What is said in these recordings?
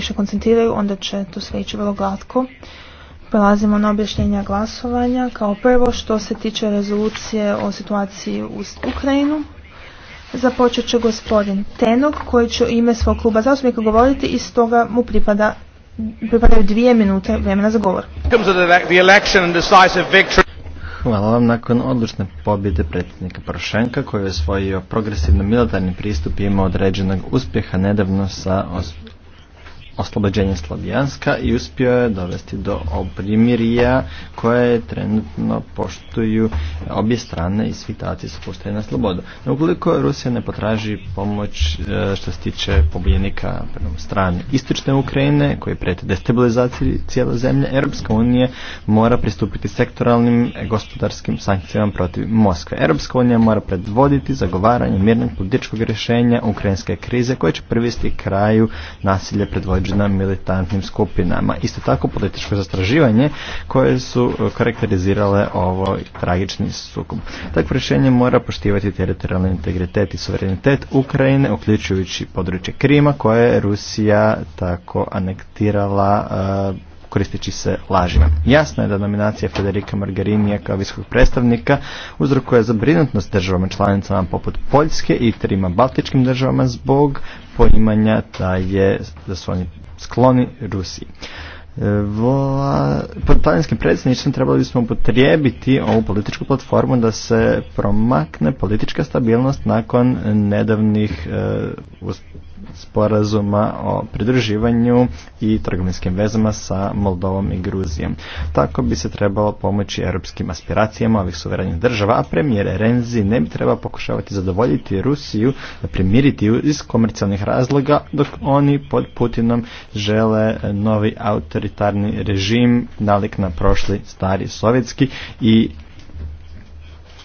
više koncentriraju, onda će to sve ići vrlo glatko. Prelazimo na objašnjenja glasovanja. Kao prvo što se tiče rezolucije o situaciji u Ukrajinu, započet će gospodin Tenog koji će u ime svog kluba zastupnika govoriti i stoga mu pripada dvije minute vremena za govor. Hvala vam nakon odlučne pobjede predsjednika Porošenka koji je osvojio progresivno militarni pristup i imao određenog uspjeha nedavno sa oslobođenje Slavijanska i uspio je dovesti do primirija koje trenutno poštuju obje strane i svi taci su pušteni na slobodu. ukoliko Rusija ne potraži pomoć e, što se tiče pobjednika strane istočne Ukrajine koji prete destabilizaciji cijele zemlje, Europska unija mora pristupiti sektoralnim gospodarskim sankcijama protiv Moskve. Europska unija mora predvoditi zagovaranje mirnog političkog rješenja ukrajinske krize koje će privesti kraju nasilje predvođenja na militantnim skupinama. Isto tako političko zastraživanje koje su e, karakterizirale ovo tragični sukob. Takvo rješenje mora poštivati teritorijalni integritet i suverenitet Ukrajine, uključujući područje Krima koje je Rusija tako anektirala e, koristeći se lažima. Jasno je da nominacija Federica Margarinija kao visokog predstavnika uzrokuje zabrinutnost državama članicama poput Poljske i trima baltičkim državama zbog poimanja da je da su oni skloni Rusiji. E, vla... Pod talijanskim predsjedništvom trebali bismo upotrijebiti ovu političku platformu da se promakne politička stabilnost nakon nedavnih e, sporazuma o pridruživanju i trgovinskim vezama sa Moldovom i Gruzijom. Tako bi se trebalo pomoći europskim aspiracijama ovih suverenih država, a premijer Renzi ne bi trebao pokušavati zadovoljiti Rusiju, primiriti ju iz komercijalnih razloga, dok oni pod Putinom žele novi autoritarni režim nalik na prošli stari sovjetski i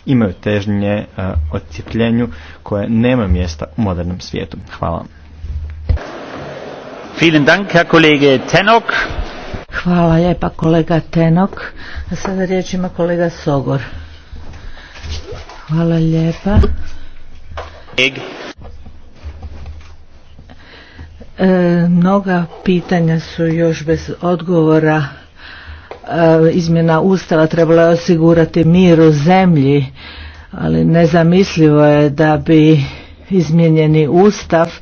imaju težnje uh, koje nema mjesta u modernom svijetu. Hvala. Hvala lijepa kolega Tenok. A sada riječ ima kolega Sogor. Hvala lijepa. E, mnoga pitanja su još bez odgovora. E, izmjena ustava trebala je osigurati mir u zemlji, ali nezamislivo je da bi izmijenjeni ustav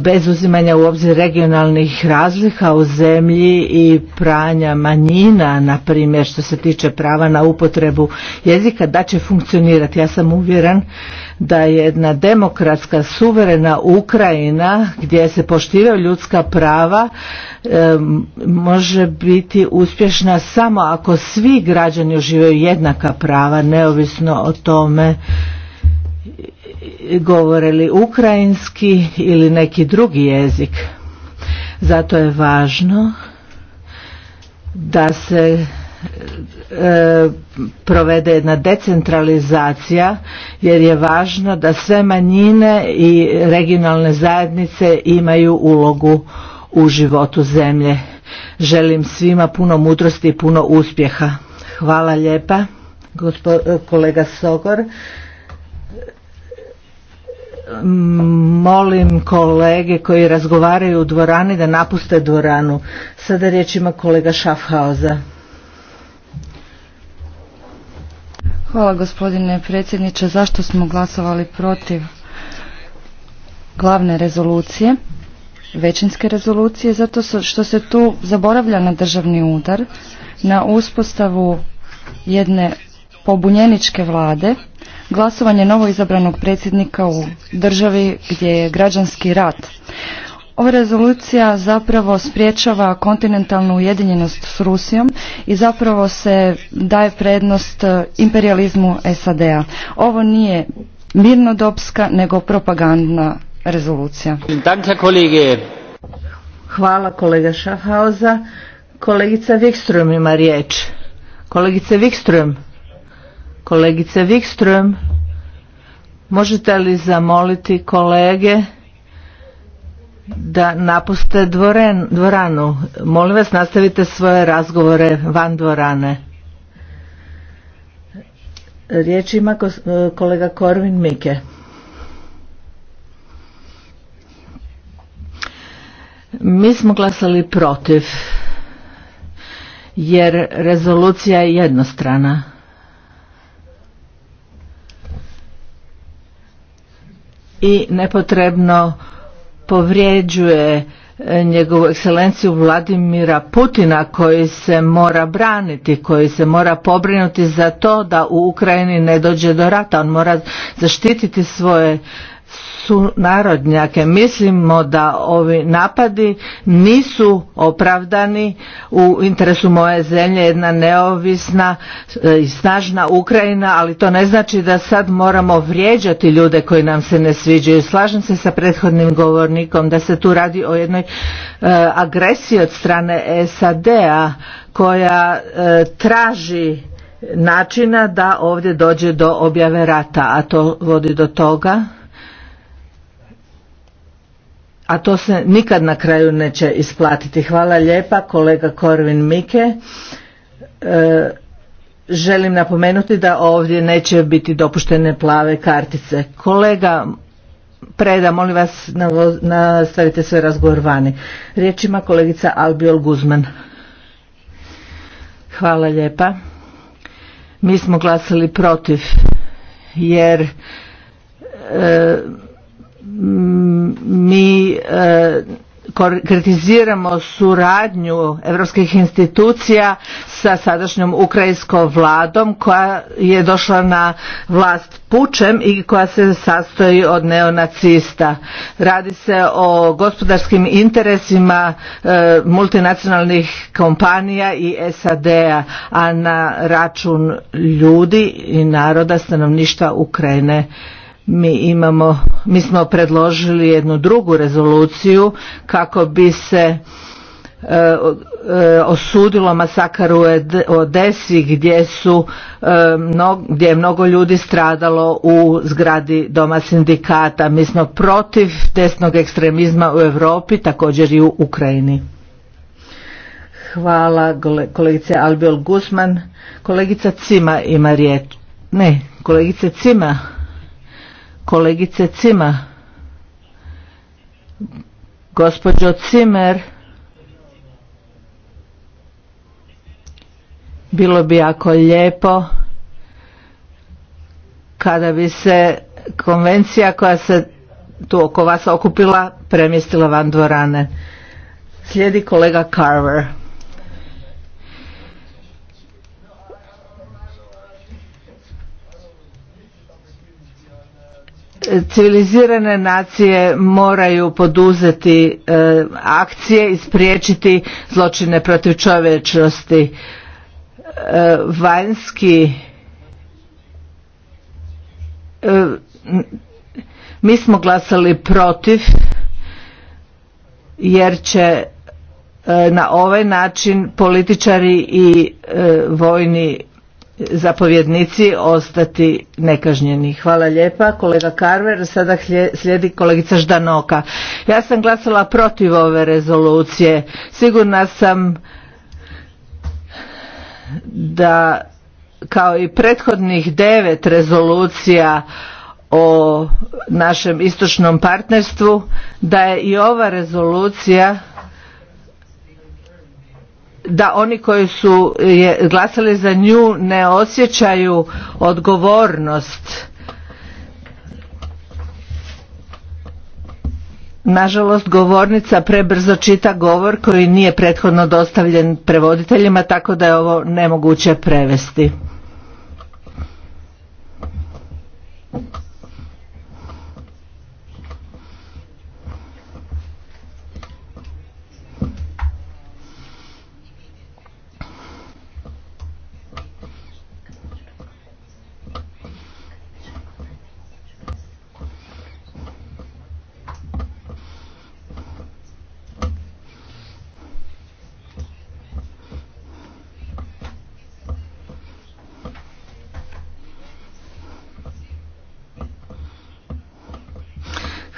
bez uzimanja u obzir regionalnih razlika u zemlji i pranja manjina, na primjer što se tiče prava na upotrebu jezika, da će funkcionirati. Ja sam uvjeren da jedna demokratska suverena Ukrajina gdje se poštivaju ljudska prava može biti uspješna samo ako svi građani uživaju jednaka prava neovisno o tome govorili ukrajinski ili neki drugi jezik. Zato je važno da se e, provede jedna decentralizacija jer je važno da sve manjine i regionalne zajednice imaju ulogu u životu zemlje. Želim svima puno mudrosti i puno uspjeha. Hvala lijepa, gospod, kolega Sogor molim kolege koji razgovaraju u dvorani da napuste dvoranu. Sada riječ ima kolega Schaffhauser. Hvala gospodine predsjedniče. Zašto smo glasovali protiv glavne rezolucije, većinske rezolucije? Zato što se tu zaboravlja na državni udar, na uspostavu jedne pobunjeničke vlade glasovanje novoizabranog predsjednika u državi gdje je građanski rat. Ova rezolucija zapravo spriječava kontinentalnu ujedinjenost s Rusijom i zapravo se daje prednost eh, imperializmu SAD-a. Ovo nije mirnodopska nego propagandna rezolucija. Hvala kolega Šafhauza. Kolegica Wikström ima riječ. Kolegice Wikström. Kolegice Wikström, možete li zamoliti kolege da napuste dvoren, dvoranu? Molim vas, nastavite svoje razgovore van dvorane. Riječ ima e, kolega Korvin Mike. Mi smo glasali protiv jer rezolucija je jednostrana. i nepotrebno povrijeđuje e, njegovu ekscelenciju Vladimira Putina koji se mora braniti, koji se mora pobrinuti za to da u Ukrajini ne dođe do rata. On mora zaštititi svoje narodnjake. Mislimo da ovi napadi nisu opravdani u interesu moje zemlje, jedna neovisna e, i snažna Ukrajina, ali to ne znači da sad moramo vrijeđati ljude koji nam se ne sviđaju. Slažem se sa prethodnim govornikom da se tu radi o jednoj e, agresiji od strane SAD-a koja e, traži načina da ovdje dođe do objave rata, a to vodi do toga a to se nikad na kraju neće isplatiti. Hvala lijepa kolega Korvin Mike. E, želim napomenuti da ovdje neće biti dopuštene plave kartice. Kolega Preda, molim vas, nastavite sve razgovor vani. Riječ ima kolegica Albiol Guzman. Hvala lijepa. Mi smo glasili protiv jer e, mi e, kritiziramo suradnju europskih institucija sa sadašnjom ukrajinskom vladom koja je došla na vlast pučem i koja se sastoji od neonacista. Radi se o gospodarskim interesima e, multinacionalnih kompanija i SAD-a, a na račun ljudi i naroda stanovništva Ukrajine mi imamo, mi smo predložili jednu drugu rezoluciju kako bi se e, e, osudilo masakar u Odesi gdje su e, gdje je mnogo ljudi stradalo u zgradi doma sindikata. Mi smo protiv desnog ekstremizma u Europi, također i u Ukrajini. Hvala kolegice Albiol Guzman. Kolegica Cima ima riječ. Ne, kolegice Cima Kolegice Cima, gospođo Cimer, bilo bi jako lijepo kada bi se konvencija koja se tu oko vas okupila premjestila van dvorane. Slijedi kolega Carver. civilizirane nacije moraju poduzeti e, akcije i spriječiti zločine protiv čovječnosti. E, vanjski e, mi smo glasali protiv jer će na ovaj način političari i vojni zapovjednici ostati nekažnjeni. Hvala lijepa. Kolega Karver, sada slijedi kolegica Ždanoka. Ja sam glasala protiv ove rezolucije. Sigurna sam da kao i prethodnih devet rezolucija o našem istočnom partnerstvu, da je i ova rezolucija da oni koji su glasali za nju ne osjećaju odgovornost Nažalost, govornica prebrzo čita govor koji nije prethodno dostavljen prevoditeljima, tako da je ovo nemoguće prevesti.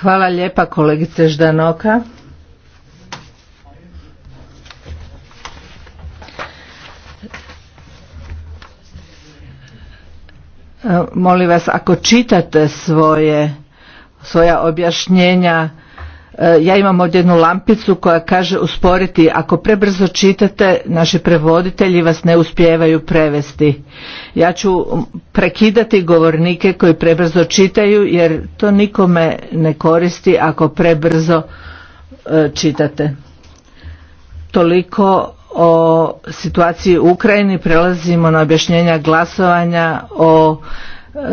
Hvala lijepa kolegice Ždanoka. E, molim vas, ako čitate svoje, svoja objašnjenja E, ja imam ovdje jednu lampicu koja kaže usporiti ako prebrzo čitate naši prevoditelji vas ne uspijevaju prevesti ja ću prekidati govornike koji prebrzo čitaju jer to nikome ne koristi ako prebrzo e, čitate toliko o situaciji u Ukrajini prelazimo na objašnjenja glasovanja o e,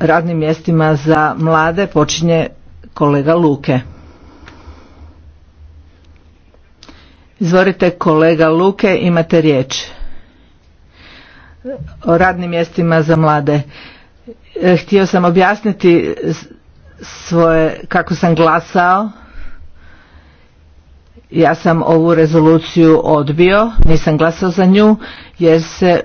radnim mjestima za mlade počinje kolega Luke Izvorite kolega Luke, imate riječ o radnim mjestima za mlade. E, htio sam objasniti svoje, kako sam glasao. Ja sam ovu rezoluciju odbio, nisam glasao za nju jer se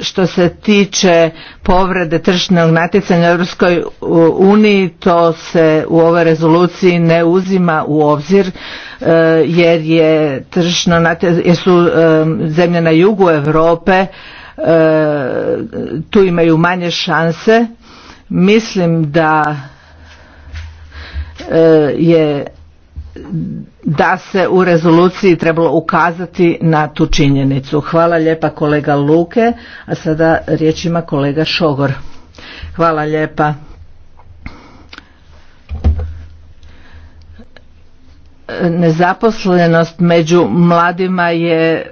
što se tiče povrede tržišnog natjecanja u Europskoj uniji to se u ovoj rezoluciji ne uzima u obzir e, jer je tržišno jer su e, zemlje na jugu Europe e, tu imaju manje šanse mislim da je da se u rezoluciji trebalo ukazati na tu činjenicu. Hvala lijepa kolega Luke, a sada riječ ima kolega Šogor. Hvala lijepa. Nezaposlenost među mladima je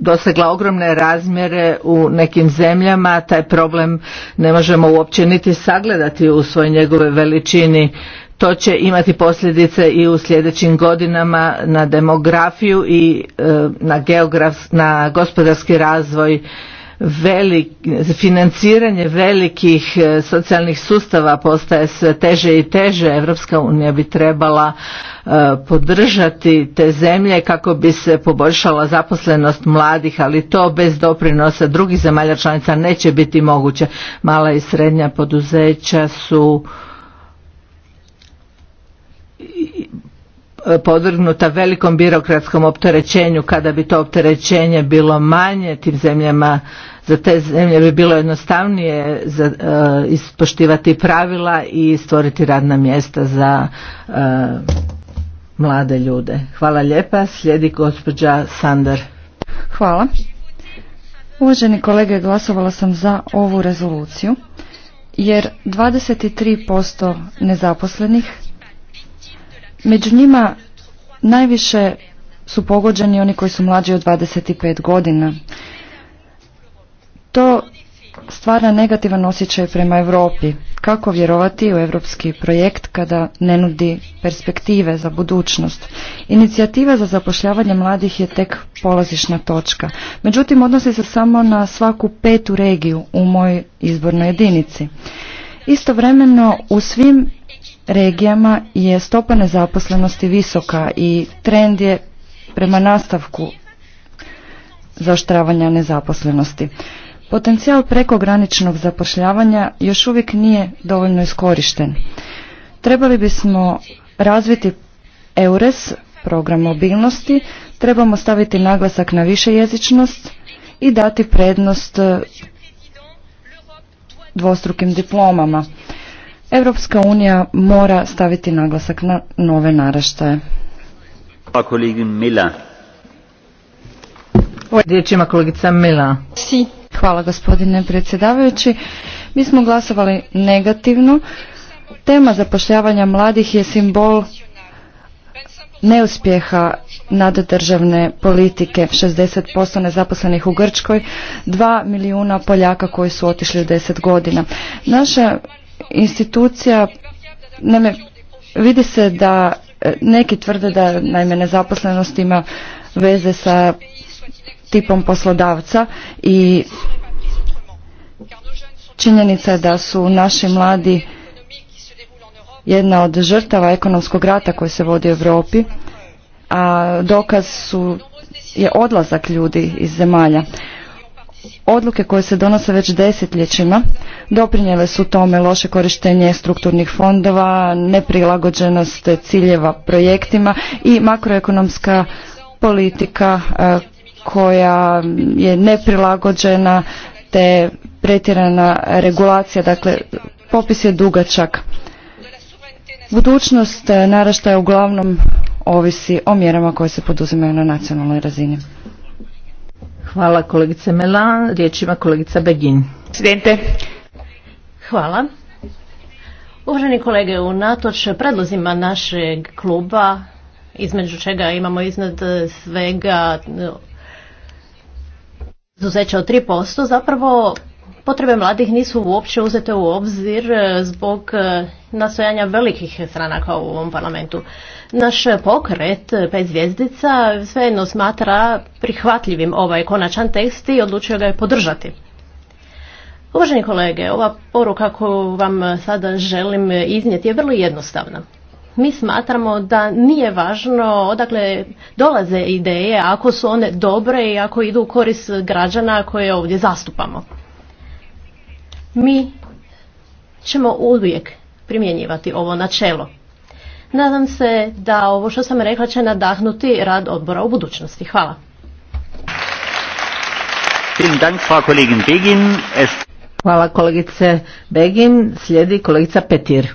dosegla ogromne razmjere u nekim zemljama, taj problem ne možemo uopće niti sagledati u svojoj njegove veličini to će imati posljedice i u sljedećim godinama na demografiju i e, na, geograf, na gospodarski razvoj velik, financiranje velikih e, socijalnih sustava postaje sve teže i teže. Europska unija bi trebala e, podržati te zemlje kako bi se poboljšala zaposlenost mladih, ali to bez doprinosa drugih zemalja članica neće biti moguće. Mala i srednja poduzeća su podvrgnuta velikom birokratskom opterećenju kada bi to opterećenje bilo manje tim zemljama za te zemlje bi bilo jednostavnije za, e, ispoštivati pravila i stvoriti radna mjesta za e, mlade ljude. Hvala lijepa. Slijedi gospođa Sander. Hvala. Uvaženi kolege, glasovala sam za ovu rezoluciju jer 23% nezaposlenih Među njima najviše su pogođeni oni koji su mlađi od 25 godina. To stvara negativan osjećaj prema Europi. Kako vjerovati u europski projekt kada ne nudi perspektive za budućnost? Inicijativa za zapošljavanje mladih je tek polazišna točka. Međutim, odnosi se samo na svaku petu regiju u mojoj izbornoj jedinici. Istovremeno u svim regijama je stopa nezaposlenosti visoka i trend je prema nastavku zaoštravanja nezaposlenosti. Potencijal prekograničnog zapošljavanja još uvijek nije dovoljno iskorišten. Trebali bismo razviti EURES, program mobilnosti, trebamo staviti naglasak na više jezičnost i dati prednost dvostrukim diplomama. Europska unija mora staviti naglasak na nove naraštaje. Pa, kolegica Mila. Hvala gospodine predsjedavajući. Mi smo glasovali negativno. Tema zapošljavanja mladih je simbol neuspjeha naddržavne politike, 60% nezaposlenih u Grčkoj, 2 milijuna Poljaka koji su otišli u 10 godina. Naša institucija, naime, vidi se da e, neki tvrde da naime nezaposlenost ima veze sa tipom poslodavca i činjenica je da su naši mladi jedna od žrtava ekonomskog rata koji se vodi u Europi, a dokaz su je odlazak ljudi iz zemalja. Odluke koje se donose već desetljećima doprinjele su tome loše korištenje strukturnih fondova, neprilagođenost ciljeva projektima i makroekonomska politika e, koja je neprilagođena te pretjerana regulacija, dakle popis je dugačak. Budućnost e, naraštaja uglavnom ovisi o mjerama koje se poduzimaju na nacionalnoj razini. Hvala kolegice Melan, riječ ima kolegica Begin. Presidente. Hvala. Uvaženi kolege, u unatoč predlozima našeg kluba, između čega imamo iznad svega e, izuzeća od 3%, zapravo potrebe mladih nisu uopće uzete u obzir e, zbog e, nastojanja velikih stranaka u ovom parlamentu. Naš pokret e, pet zvijezdica svejedno smatra prihvatljivim ovaj konačan tekst i odlučio ga je podržati. Uvaženi kolege, ova poruka koju vam sada želim iznijeti je vrlo jednostavna. Mi smatramo da nije važno odakle dolaze ideje ako su one dobre i ako idu u korist građana koje ovdje zastupamo mi ćemo uvijek primjenjivati ovo načelo. Nadam se da ovo što sam rekla će nadahnuti rad odbora u budućnosti. Hvala. Hvala kolegice Begin. Slijedi kolegica Petir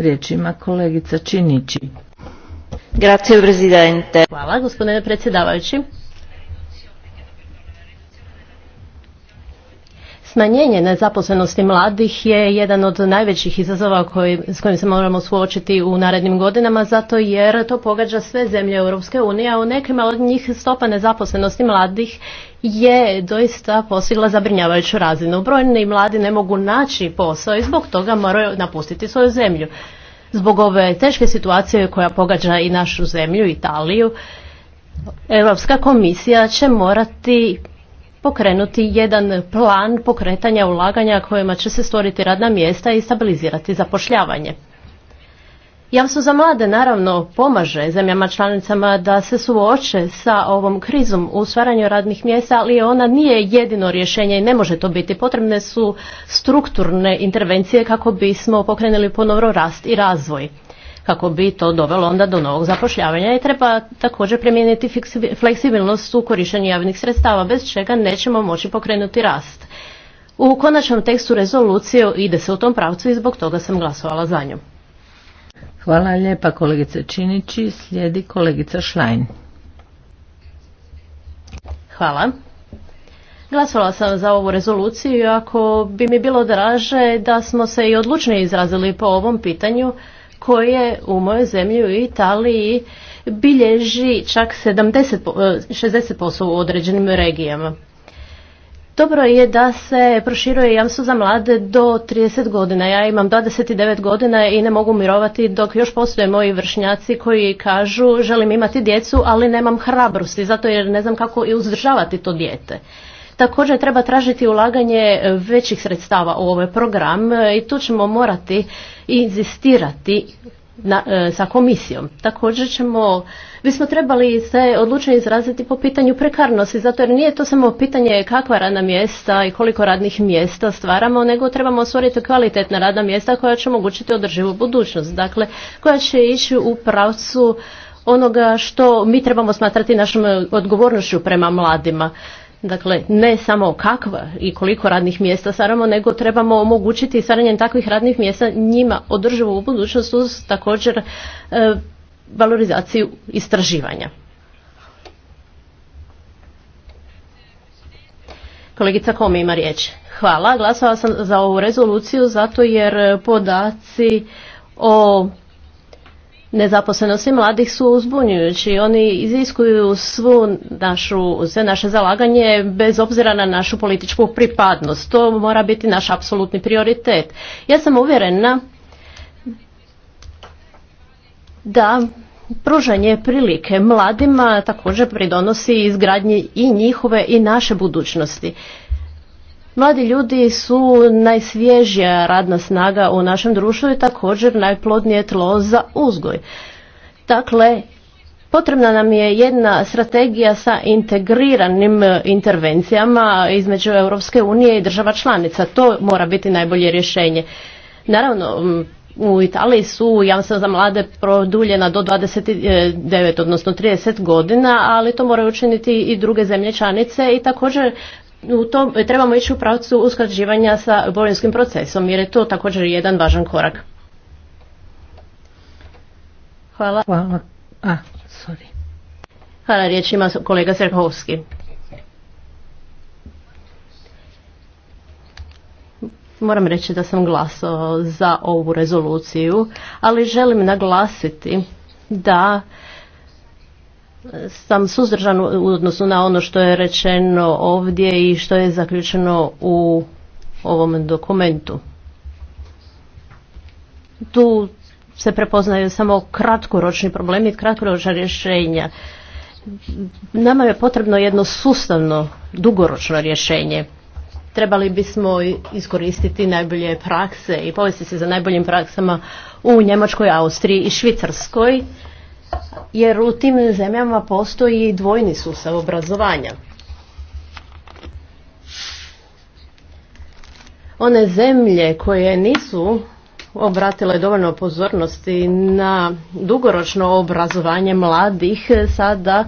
Riječ ima kolegica Činići. Grazie, Hvala, gospodine predsjedavajući. Smanjenje nezaposlenosti mladih je jedan od najvećih izazova koji, s kojim se moramo suočiti u narednim godinama, zato jer to pogađa sve zemlje Europske unije, a u nekima od njih stopa nezaposlenosti mladih je doista postigla zabrinjavajuću razinu. Brojni mladi ne mogu naći posao i zbog toga moraju napustiti svoju zemlju. Zbog ove teške situacije koja pogađa i našu zemlju, Italiju, Europska komisija će morati pokrenuti jedan plan pokretanja ulaganja kojima će se stvoriti radna mjesta i stabilizirati zapošljavanje. Jamstvo za mlade naravno pomaže zemljama članicama da se suoče sa ovom krizom u stvaranju radnih mjesta, ali ona nije jedino rješenje i ne može to biti. Potrebne su strukturne intervencije kako bismo pokrenuli ponovno rast i razvoj kako bi to dovelo onda do novog zapošljavanja i treba također primijeniti fleksibilnost u korištenju javnih sredstava bez čega nećemo moći pokrenuti rast. U konačnom tekstu rezolucije ide se u tom pravcu i zbog toga sam glasovala za nju. Hvala lijepa kolegice Činići, slijedi kolegica Šlajn. Hvala. Glasovala sam za ovu rezoluciju, ako bi mi bilo draže da smo se i odlučnije izrazili po ovom pitanju, koje u mojoj zemlji u Italiji bilježi čak 70, 60% e, u određenim regijama. Dobro je da se proširuje jamstvo za mlade do 30 godina. Ja imam 29 godina i ne mogu mirovati dok još postoje moji vršnjaci koji kažu želim imati djecu, ali nemam hrabrosti, zato jer ne znam kako i uzdržavati to dijete. Također treba tražiti ulaganje e, većih sredstava u ovaj program e, i tu ćemo morati inzistirati na, e, sa komisijom. Također ćemo, smo trebali se odlučno izraziti po pitanju prekarnosti, zato jer nije to samo pitanje kakva radna mjesta i koliko radnih mjesta stvaramo, nego trebamo stvoriti kvalitetna radna mjesta koja će omogućiti održivu budućnost, dakle koja će ići u pravcu onoga što mi trebamo smatrati našom odgovornošću prema mladima. Dakle, ne samo kakva i koliko radnih mjesta stvaramo, nego trebamo omogućiti stvaranjem takvih radnih mjesta njima održivo u budućnost uz također e, valorizaciju istraživanja. Kolegica Komi ima riječ. Hvala, glasala sam za ovu rezoluciju zato jer podaci o nezaposlenosti mladih su uzbunjujući. Oni iziskuju svu našu, sve naše zalaganje bez obzira na našu političku pripadnost. To mora biti naš apsolutni prioritet. Ja sam uvjerena da pružanje prilike mladima također pridonosi izgradnji i njihove i naše budućnosti. Mladi ljudi su najsvježija radna snaga u našem društvu i također najplodnije tlo za uzgoj. Dakle, Potrebna nam je jedna strategija sa integriranim e, intervencijama između Europske unije i država članica. To mora biti najbolje rješenje. Naravno, u Italiji su jamstva za mlade produljena do 29, odnosno 30 godina, ali to moraju učiniti i druge zemlje članice i također u tom trebamo ići u pravcu usklađivanja sa bolinskim procesom jer je to također jedan važan korak. Hvala. Hvala. sorry. Hvala, riječ ima kolega Serhovski. Moram reći da sam glasao za ovu rezoluciju, ali želim naglasiti da sam suzdržan u odnosu na ono što je rečeno ovdje i što je zaključeno u ovom dokumentu. Tu se prepoznaju samo kratkoročni problemi, kratkoročna rješenja. Nama je potrebno jedno sustavno, dugoročno rješenje. Trebali bismo iskoristiti najbolje prakse i povesti se za najboljim praksama u Njemačkoj, Austriji i Švicarskoj jer u tim zemljama postoji dvojni sustav obrazovanja. One zemlje koje nisu obratile dovoljno pozornosti na dugoročno obrazovanje mladih sada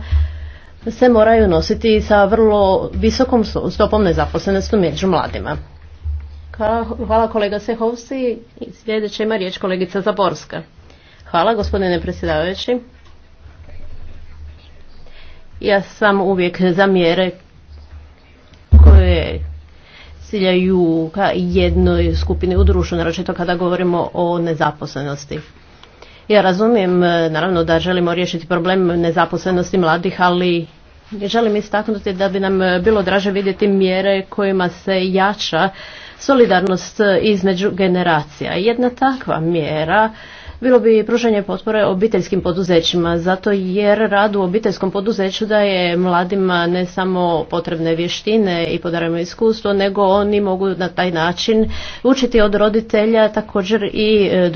se moraju nositi sa vrlo visokom stopom nezaposlenosti među mladima. Hvala kolega Sehovsi, sljedeće ima riječ kolegica Zaborska. Hvala gospodine predsjedavajući. Ja sam uvijek za mjere koje ciljaju ka jednoj skupini u društvu, naročito kada govorimo o nezaposlenosti. Ja razumijem naravno da želimo riješiti problem nezaposlenosti mladih, ali želim istaknuti da bi nam bilo draže vidjeti mjere kojima se jača solidarnost između generacija. Jedna takva mjera bilo bi pruženje potpore obiteljskim poduzećima, zato jer rad u obiteljskom poduzeću daje mladima ne samo potrebne vještine i podarimo iskustvo, nego oni mogu na taj način učiti od roditelja također i e,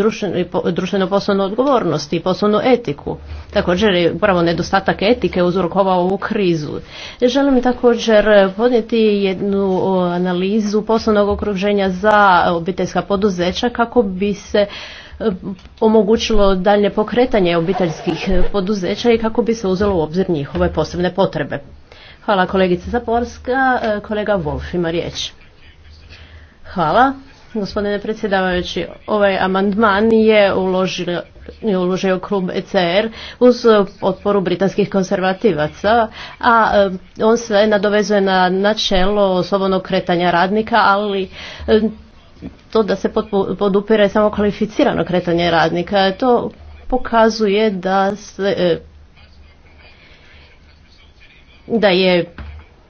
društveno poslovnu odgovornost i poslovnu etiku. Također je upravo nedostatak etike uzrokovao ovu krizu. Želim također podnijeti jednu analizu poslovnog okruženja za obiteljska poduzeća kako bi se omogućilo dalje pokretanje obiteljskih e, poduzeća i kako bi se uzelo u obzir njihove posebne potrebe. Hvala kolegice Zaporska. E, kolega Wolf ima riječ. Hvala. Gospodine predsjedavajući, ovaj amandman je uložio, klub ECR uz otporu britanskih konservativaca, a e, on se nadovezuje na načelo slobodnog kretanja radnika, ali to da se podupire samo kvalificirano kretanje radnika. To pokazuje da se e, da je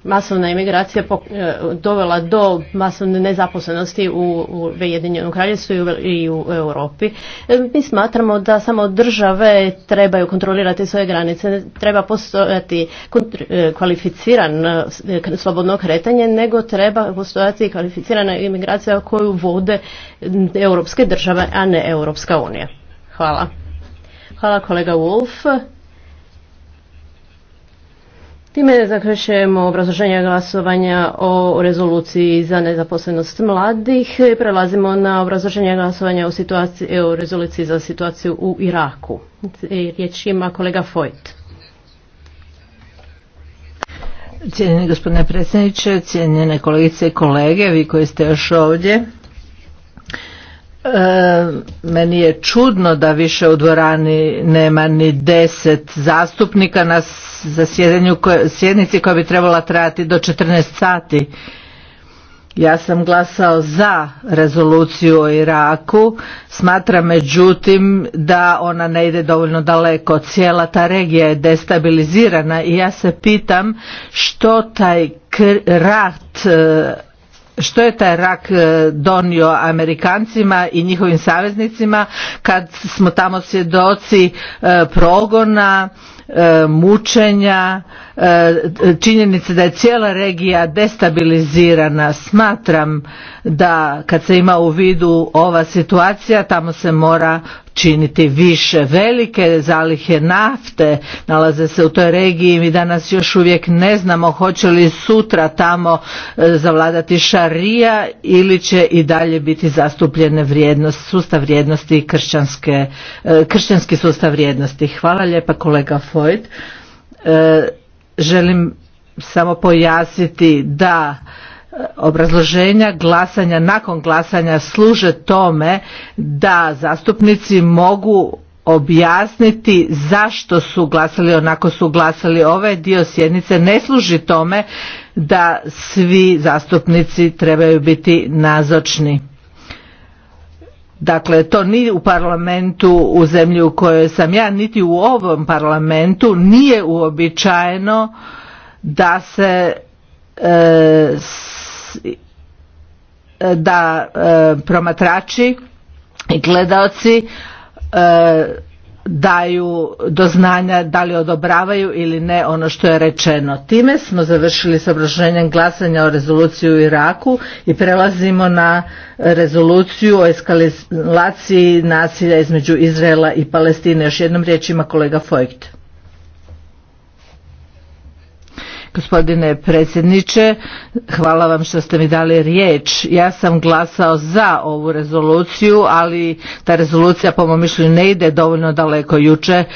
masovna imigracija e, dovela do masovne nezaposlenosti u Ujedinjenom kraljevstvu i u Europi. E, mi smatramo da samo države trebaju kontrolirati svoje granice, treba postojati e, kvalificiran slobodno kretanje, nego treba postojati kvalificirana imigracija koju vode europske države, a ne Europska unija. Hvala. Hvala kolega Wolf. Time zaključujemo obrazloženje glasovanja o rezoluciji za nezaposlenost mladih. Prelazimo na obrazloženje glasovanja o, o rezoluciji za situaciju u Iraku. E, riječ ima kolega Fojt. Cijenjeni gospodine predsjedniče, cijenjene kolegice i kolege, vi koji ste još ovdje. E, meni je čudno da više u dvorani nema ni deset zastupnika na zasjedanju sjednici koja bi trebala trajati do 14 sati. Ja sam glasao za rezoluciju o Iraku, smatram međutim da ona ne ide dovoljno daleko, cijela ta regija je destabilizirana i ja se pitam što taj rat e, što je taj rak e, donio Amerikancima i njihovim saveznicima kad smo tamo svjedoci e, progona E, mučenja, e, činjenice da je cijela regija destabilizirana. Smatram da kad se ima u vidu ova situacija, tamo se mora činiti više. Velike zalihe nafte nalaze se u toj regiji. Mi danas još uvijek ne znamo hoće li sutra tamo e, zavladati šarija ili će i dalje biti zastupljene vrijednost, sustav vrijednosti kršćanske, kršćanski sustav vrijednosti. Hvala lijepa kolega E, Želim samo pojasniti da e, obrazloženja glasanja nakon glasanja služe tome da zastupnici mogu objasniti zašto su glasali onako su glasali ovaj dio sjednice ne služi tome da svi zastupnici trebaju biti nazočni Dakle, to ni u parlamentu u zemlji u kojoj sam ja, niti u ovom parlamentu nije uobičajeno da se e, da e, promatrači i gledaoci e, daju do znanja da li odobravaju ili ne ono što je rečeno. Time smo završili s obrazloženjem glasanja o rezoluciji u Iraku i prelazimo na rezoluciju o eskalaciji nasilja između Izraela i Palestine. Još jednom riječ ima kolega Fojkta. Gospodine predsjedniče, hvala vam što ste mi dali riječ. Ja sam glasao za ovu rezoluciju, ali ta rezolucija po mom mišljenju ne ide dovoljno daleko. Juče e,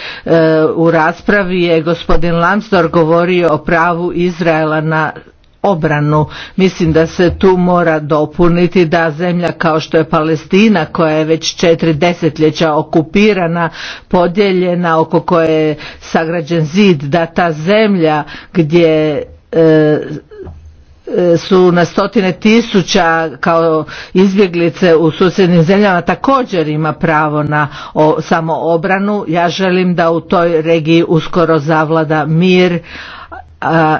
u raspravi je gospodin Lansdor govorio o pravu Izraela na obranu. Mislim da se tu mora dopuniti da zemlja kao što je Palestina koja je već četiri desetljeća okupirana, podijeljena oko koje je sagrađen zid, da ta zemlja gdje e, e, su na stotine tisuća kao izbjeglice u susjednim zemljama također ima pravo na o, samoobranu. Ja želim da u toj regiji uskoro zavlada mir a,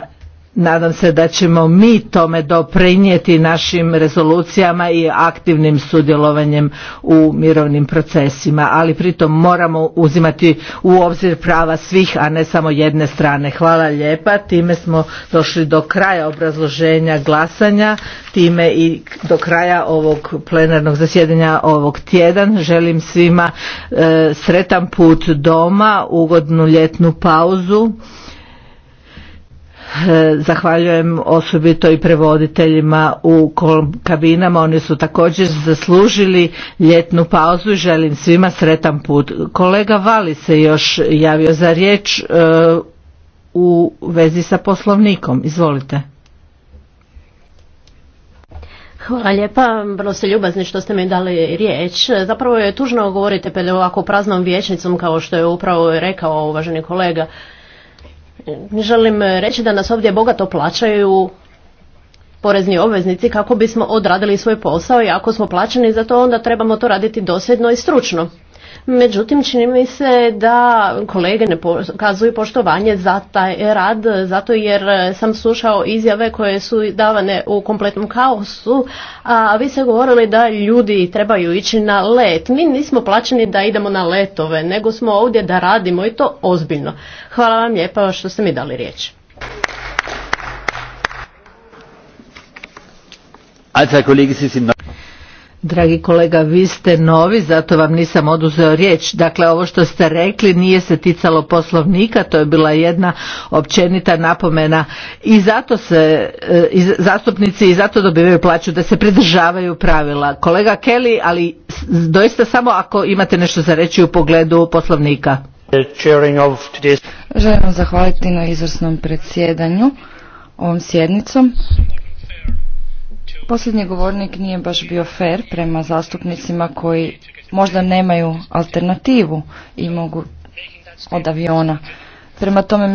Nadam se da ćemo mi tome doprinijeti našim rezolucijama i aktivnim sudjelovanjem u mirovnim procesima, ali pritom moramo uzimati u obzir prava svih, a ne samo jedne strane. Hvala lijepa, time smo došli do kraja obrazloženja glasanja, time i do kraja ovog plenarnog zasjedanja ovog tjedan. Želim svima e, sretan put doma, ugodnu ljetnu pauzu. Eh, zahvaljujem osobito i prevoditeljima u kabinama, oni su također zaslužili ljetnu pauzu i želim svima sretan put. Kolega Vali se još javio za riječ eh, u vezi sa poslovnikom. Izvolite. Hvala lijepa, vrlo ste ljubazni što ste mi dali riječ. Zapravo je tužno govoriti pred ovako praznom vječnicom kao što je upravo rekao uvaženi kolega želim e, reći da nas ovdje bogato plaćaju porezni obveznici kako bismo odradili svoj posao i ako smo plaćeni za to onda trebamo to raditi dosljedno i stručno. Međutim, čini mi se da kolege ne pokazuju poštovanje za taj rad, zato jer sam slušao izjave koje su davane u kompletnom kaosu, a vi ste govorili da ljudi trebaju ići na let. Mi nismo plaćeni da idemo na letove, nego smo ovdje da radimo i to ozbiljno. Hvala vam lijepa što ste mi dali riječ. Dragi kolega, vi ste novi, zato vam nisam oduzeo riječ. Dakle, ovo što ste rekli nije se ticalo poslovnika, to je bila jedna općenita napomena i zato se e, zastupnici i zato dobivaju plaću da se pridržavaju pravila. Kolega Kelly, ali doista samo ako imate nešto za reći u pogledu poslovnika. Želim vam zahvaliti na izvrsnom predsjedanju ovom sjednicom. Posljednji govornik nije baš bio fair prema zastupnicima koji možda nemaju alternativu i mogu od aviona. Prema tome